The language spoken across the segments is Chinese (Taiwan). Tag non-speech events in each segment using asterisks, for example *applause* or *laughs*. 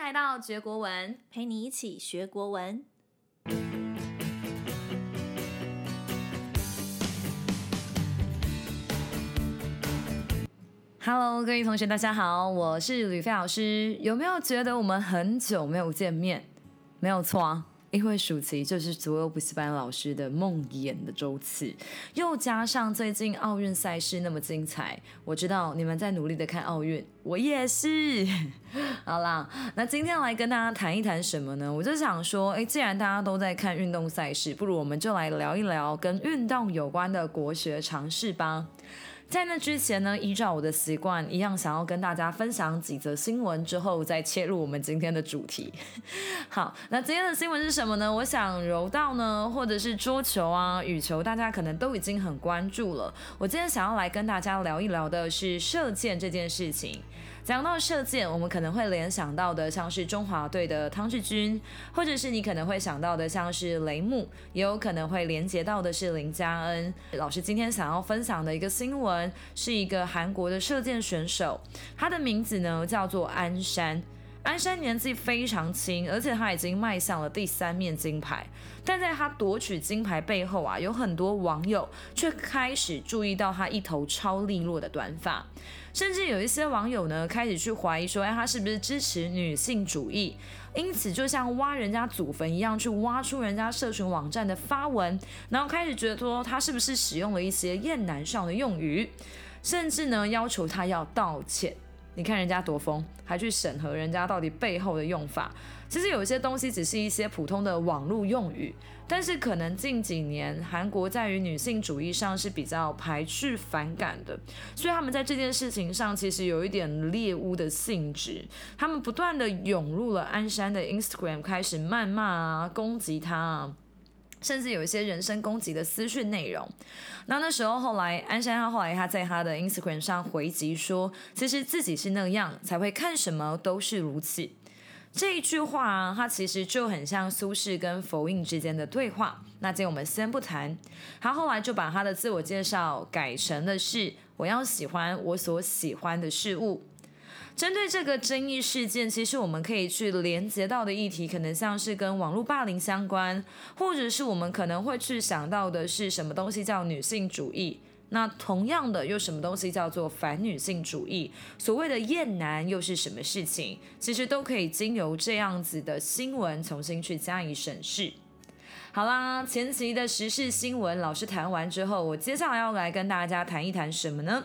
來到學國文，陪你一起學國文。Hello，各位同學，大家好，我是呂緋老師。有沒有覺得我們很久沒有見面？沒有錯啊。因為暑期就是所有補習班老師的夢魘的週期，又加上最近奧運賽事那麼精彩，我知道你們在努力的看奧運，我也是。 *laughs* 好啦，那今天來跟大家談一談什麼呢？我就想說，誒，既然大家都在看運動賽事，不如我們就來聊一聊跟運動有關的國學常識吧。在那之前呢，依照我的習慣，一樣想要跟大家分享幾則新聞之後，再切入我們今天的主題。 *laughs* 好，那今天的新聞是什麼呢？我想柔道呢，或者是桌球啊、羽球，大家可能都已經很關注了。我今天想要來跟大家聊一聊的是射箭這件事情。講到射箭，我們可能會聯想到的像是中華隊的湯智鈞，或者是你可能會想到的像是雷木，也有可能會聯結到的是林佳恩。老師今天想要分享的一個新聞，是一個韓國的射箭選手，他的名字呢叫做安山。安山年紀非常輕，而且他已經邁向了第三面金牌。但在他奪取金牌背後啊，有很多網友卻開始注意到他一頭超利落的短髮。甚至有一些網友呢，開始去懷疑說，哎，他是不是支持女性主義？因此，就像挖人家祖墳一樣，去挖出人家社群網站的發文，然後開始覺得說，他是不是使用了一些厭男上的用語？甚至呢，要求他要道歉。你看人家多瘋，還去審核人家到底背後的用法。其實有一些東西，只是一些普通的網絡用語。但是可能近幾年韓國在於女性主義上是比較排斥、反感的，所以他們在這件事情上其實有一點獵巫的性質。他們不斷的湧入了安山的 Instagram，開始謾罵啊、攻擊他，啊，甚至有一些人身攻擊的私訊內容。那那時候後來安山他後來他在他的 Instagram 上回擊說，其實自己是那樣才會看什麼都是如此。這一句話，它其實就很像蘇軾跟佛印之間的對話。那今天我們先不談，他後來就把他的自我介紹改成的是：我要喜歡我所喜歡的事物。針對這個爭議事件，其實我們可以去連接到的議題，可能像是跟網絡霸凌相關，或者是我們可能會去想到的是什麼東西叫女性主義。那同樣的，又什麼東西叫做反女性主義？所謂的“厭男”又是什麼事情？其實都可以經由這樣子的新聞重新去加以審視。好啦，前期的時事新聞老師談完之後，我接下來要來跟大家談一談什麼呢？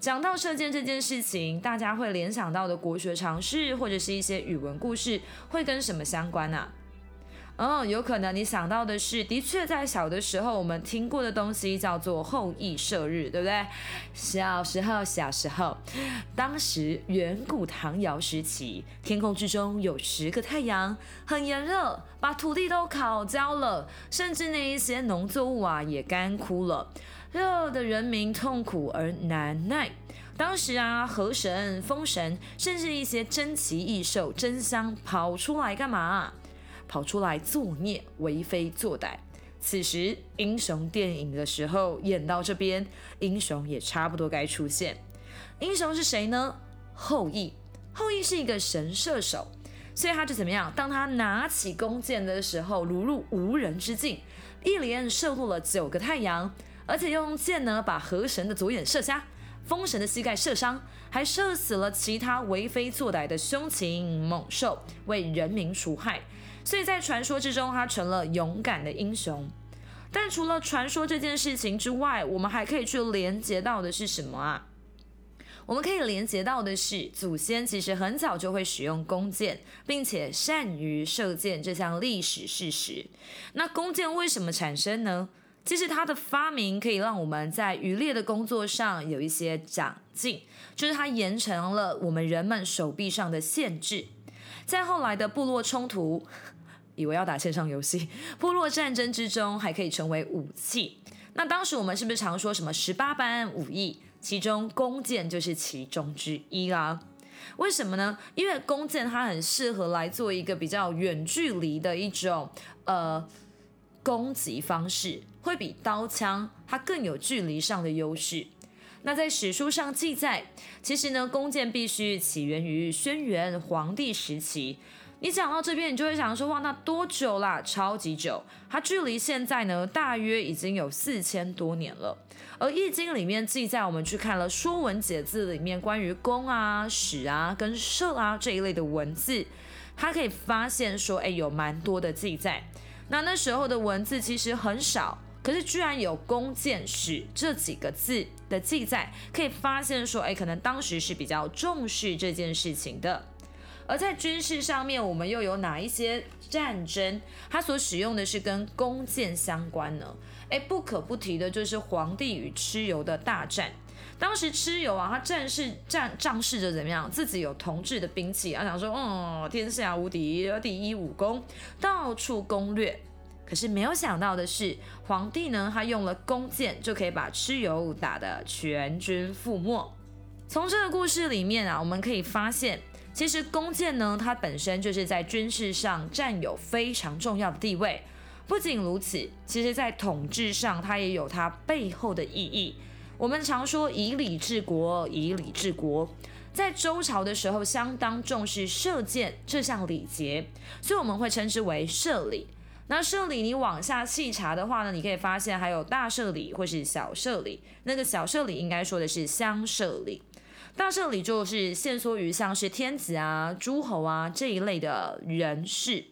講到射箭這件事情，大家會聯想到的國學常識或者是一些語文故事，會跟什麼相關呢、啊？哦，有可能你想到的是，的確在小的時候我們聽過的東西叫做后羿射日，對不對？小時候，小時候，當時遠古唐堯時期，天空之中有十個太陽，很炎熱，把土地都烤焦了，甚至那一些農作物啊也乾枯了，熱得人民痛苦而難耐。當時啊，河神、風神，甚至一些珍奇異獸爭相跑出來幹嘛？跑出來作孽、為非作歹。此時，英雄電影的時候演到這邊，英雄也差不多該出現。英雄是誰呢？後羿。後羿是一個神射手，所以他就怎麼樣？當他拿起弓箭的時候，如入無人之境，一連射落了九個太陽，而且用箭呢把河神的左眼射瞎，風神的膝蓋射傷，還射死了其他為非作歹的兇禽猛獸，為人民除害。所以在傳說之中，他成了勇敢的英雄。但除了傳說這件事情之外，我們還可以去連接到的是什麼啊？我們可以連接到的是，祖先其實很早就會使用弓箭，並且善於射箭這項歷史事實。那弓箭為什麼產生呢？其實它的發明可以讓我們在漁獵的工作上有一些長進，就是它延長了我們人們手臂上的限制。在後來的部落衝突。以為要打線上遊戲，部落戰爭之中還可以成為武器。那當時我們是不是常說什麼十八般武藝，其中弓箭就是其中之一啊。為什麼呢？因為弓箭它很適合來做一個比較遠距離的一種呃攻擊方式，會比刀槍它更有距離上的優勢。那在史書上記載，其實呢，弓箭必須起源於軒轅黃帝時期。一講到這邊，你就會想說，哇，那多久啦？超級久，它距離現在呢，大約已經有四千多年了。而《易經》裡面記載，我們去看了《說文解字》裡面關於弓啊、矢啊、跟射啊這一類的文字，它可以發現說，哎，有蠻多的記載。那那時候的文字其實很少，可是居然有弓箭矢這幾個字的記載，可以發現說，哎，可能當時是比較重視這件事情的。而在軍事上面，我們又有哪一些戰爭，它所使用的是跟弓箭相關呢？欸，不可不提的就是黃帝與蚩尤的大戰。當時蚩尤啊，他仗勢仗仗勢着怎麼樣，自己有銅製的兵器，他想說，嗯，天下無敵，第一武功，到處攻略。可是沒有想到的是，黃帝呢，他用了弓箭，就可以把蚩尤打得全軍覆沒。從這個故事裡面啊，我們可以發現。其實弓箭呢，它本身就是在軍事上佔有非常重要的地位。不僅如此，其實，在統治上它也有它背後的意義。我們常說以禮治國，以禮治國，在周朝的時候相當重視射箭這項禮節，所以我們會稱之為射禮。那射禮，你往下細查的話呢，你可以發現還有大射禮或是小射禮。那個小射禮應該說的是鄉射禮。大射禮就是限縮於像是天子啊、諸侯啊這一類的人士。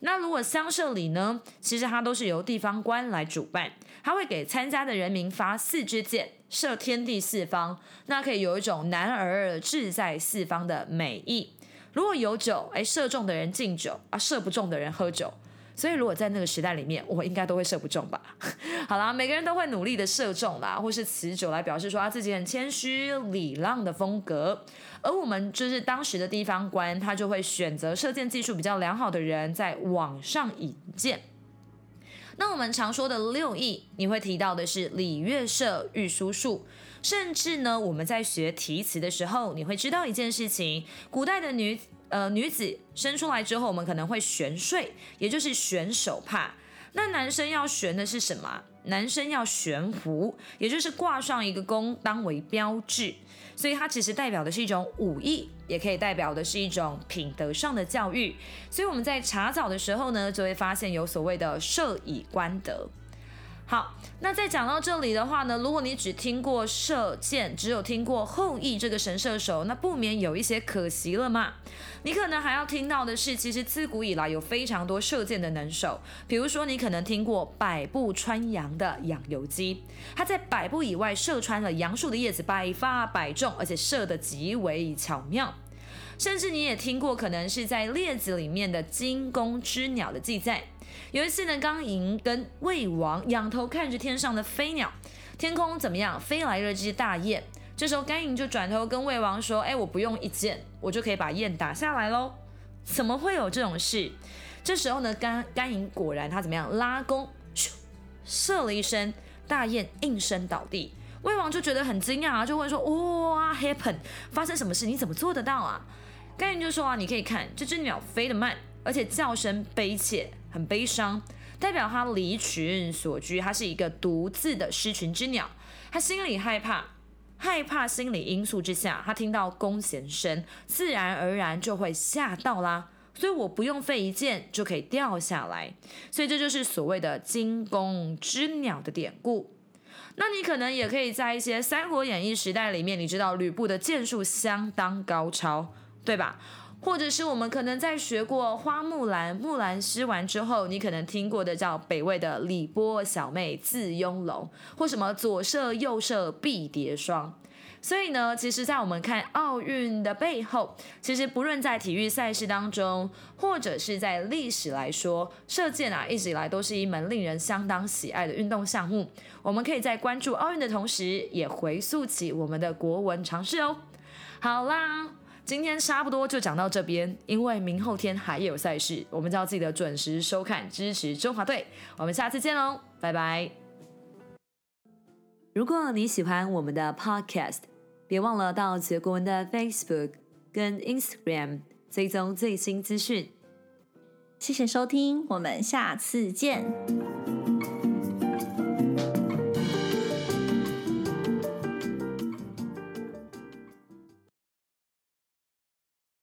那如果鄉射禮呢，其實它都是由地方官來主辦，他會給參加的人民發四支箭，射天地四方，那可以有一種男兒志在四方的美意。如果有酒，哎，射中的人敬酒啊，射不中的人喝酒。所以，如果在那個時代裡面，我應該都會射不中吧？ *laughs* 好啦，每個人都會努力的射中啦，或是持酒來表示說他自己很謙虛、禮讓的風格。而我們就是當時的地方官，他就會選擇射箭技術比較良好的人在往上引薦。那我們常說的六藝，你會提到的是禮、樂、射、禦、書、數，甚至呢，我們在學題詞的時候，你會知道一件事情：古代的女呃，女子生出來之後，我們可能會懸帨，也就是懸手帕。那男生要懸的是什麼？男生要懸弧，也就是掛上一個弓當為標誌。所以它其實代表的是一種武藝，也可以代表的是一種品德上的教育。所以我們在查找的時候呢，就會發現有所謂的射以觀德。好，那在講到這裡的話呢，如果你只聽過射箭，只有聽過后羿這個神射手，那不免有一些可惜了嘛。你可能還要聽到的是，其實自古以來有非常多射箭的能手，比如說你可能聽過百步穿楊的養由基，他在百步以外射穿了楊樹的葉子，百發百中，而且射得極為巧妙。甚至你也聽過，可能是在《列子》裡面的驚弓之鳥的記載。有一次呢，甘英跟魏王仰頭看着天上的飛鳥，天空怎麼樣？飛來了這些大雁。這時候甘英就轉頭跟魏王說：“哎、欸，我不用一箭，我就可以把雁打下來嘍。”怎麼會有這種事？這時候呢，甘甘英果然他怎麼樣？拉弓，咻，射了一聲，大雁應聲倒地。魏王就覺得很驚訝啊，就問說：“哇，Happen，發生什麼事？你怎麼做得到啊？”甘英就說啊：“你可以看這隻鳥飛得慢，而且叫聲悲切。”很悲傷，代表他離群所居，他是一個獨自的失群之鳥。他心裡害怕，害怕心理因素之下，他聽到弓弦聲，自然而然就會嚇到啦。所以我不用費一箭就可以掉下來，所以這就是所謂的驚弓之鳥的典故。那你可能也可以在一些《三國演義》時代裡面，你知道呂布的箭術相當高超，對吧？或者是我們可能在學過《花木蘭》《木蘭詩》完之後，你可能聽過的叫北魏的李波小妹字雍容，或什麼左射右射必疊雙。所以呢，其實，在我們看奧運的背後，其實不論在體育賽事當中，或者是在歷史來說，射箭啊一直以來都是一門令人相當喜愛的運動項目。我們可以在關注奧運的同時，也回溯起我們的國文常識哦。好啦。今天差不多就講到這邊，因為明後天還有賽事，我們就要記得準時收看，支持中華隊。我們下次見嘍，拜拜！如果你喜歡我們的 Podcast，別忘了到傑國文的 Facebook 跟 Instagram 追蹤最新資訊。謝謝收聽，我們下次見。